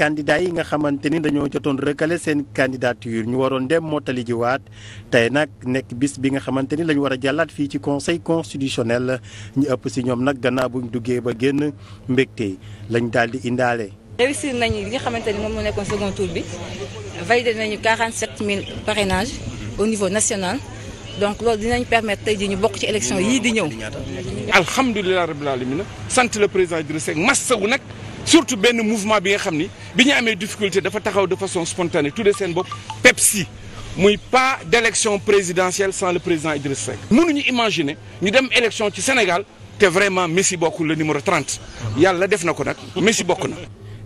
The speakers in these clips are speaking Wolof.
candidats yi nga xamante ni dañoo jotoon recalé seen candidature ñu waroon dem mottali jiwaat tey nag nekk bis bi nga xamante ni la ñu war a jàllaat fii ci conseil constitutionnel ñu ëpp si ñoom nag gannaaw buñ duggee ba génn mbégte lañ daal di indaale. réussir nañu li nga xamante ni moom moo nekkoon second tour bi validé nañu 47000 parrainages au niveau national. donc loolu dinañ permettre tey jii ñu bokk ci élection yii di ñëw. alhamdulilah rabbil alamin sant le président Idrissa Seck massa wu surtout benn mouvement bi nga xam ni bi ñu amee difficulté dafa taxaw de façon spontanée tudde seen bopp PEPSI muy pas délection élection présidentielle sans le président Idriss Seck. ñu imaginer ñu dem élection ci Sénégal te vraiment Messi bokkul la numéro 30 yàlla def na ko nag Messi bokk na.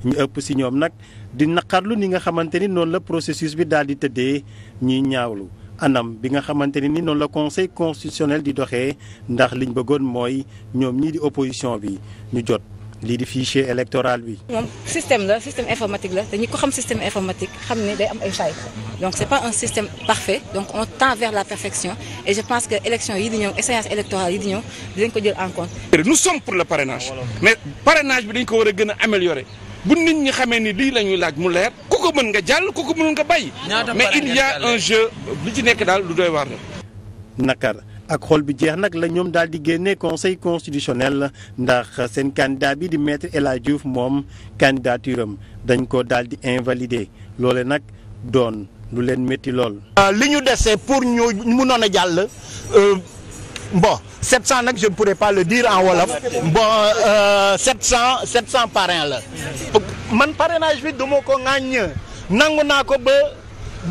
ñu ëpp si ñoom nag di naqarlu ni nga xamante ni noonu la processus bi daal di tëddee ñuy ñaawlu anam bi nga xamante ni noonu la conseil constitutionnel di doxee ndax liñ bëggoon mooy ñoom ñii di opposition bi ñu jot. lii di fichier électoral bi. moom système la système informatique la dañu ko xam système informatique xam ne day am ay failles donc c'est pas un système parfait donc on tend vers la perfection et je pense que élection yi di ñëw échéance électorale yi di ñëw dinañ ko jël en compte. nous sommes pour le parrainage mais parrainage bi dañ ko war a gën a améliorer bu nit ñi xamee ni lii la ñuy laaj mu leer ku ko mën nga jàll ku ko mënul nga bàyyi. mais il y a un jeu li ci nekk daal lu doy waar la. ak xool bi jeex nag la ñoom daal di génne conseil constitutionnel ndax seen candidat bi di maître El la Diouf moom candidature am dañ ko daal di invalider loole nag doon lu leen métti lool. Euh, li ñu dese pour ñu munoon a jàll euh, bon 700 nag je ne pourrais pas le dire en wolof bon euh, 700 700 parrain la man parrainage bi du ma ko ŋàññ nangu naa ko ba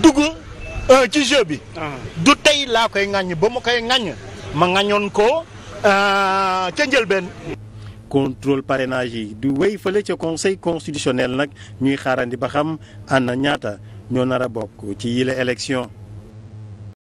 dugg. Euh, ci jeu bi. Ah. du tey laa koy ŋàññ ba ma koy ŋàññ ma ŋàññoon ko euh, ca njëlbeen. contrôle parrainage yi du wéy fële ca conseil constitutionnel nag ñuy xaarandi ba xam ana ñaata ñoo nar a bokk ci yile élection.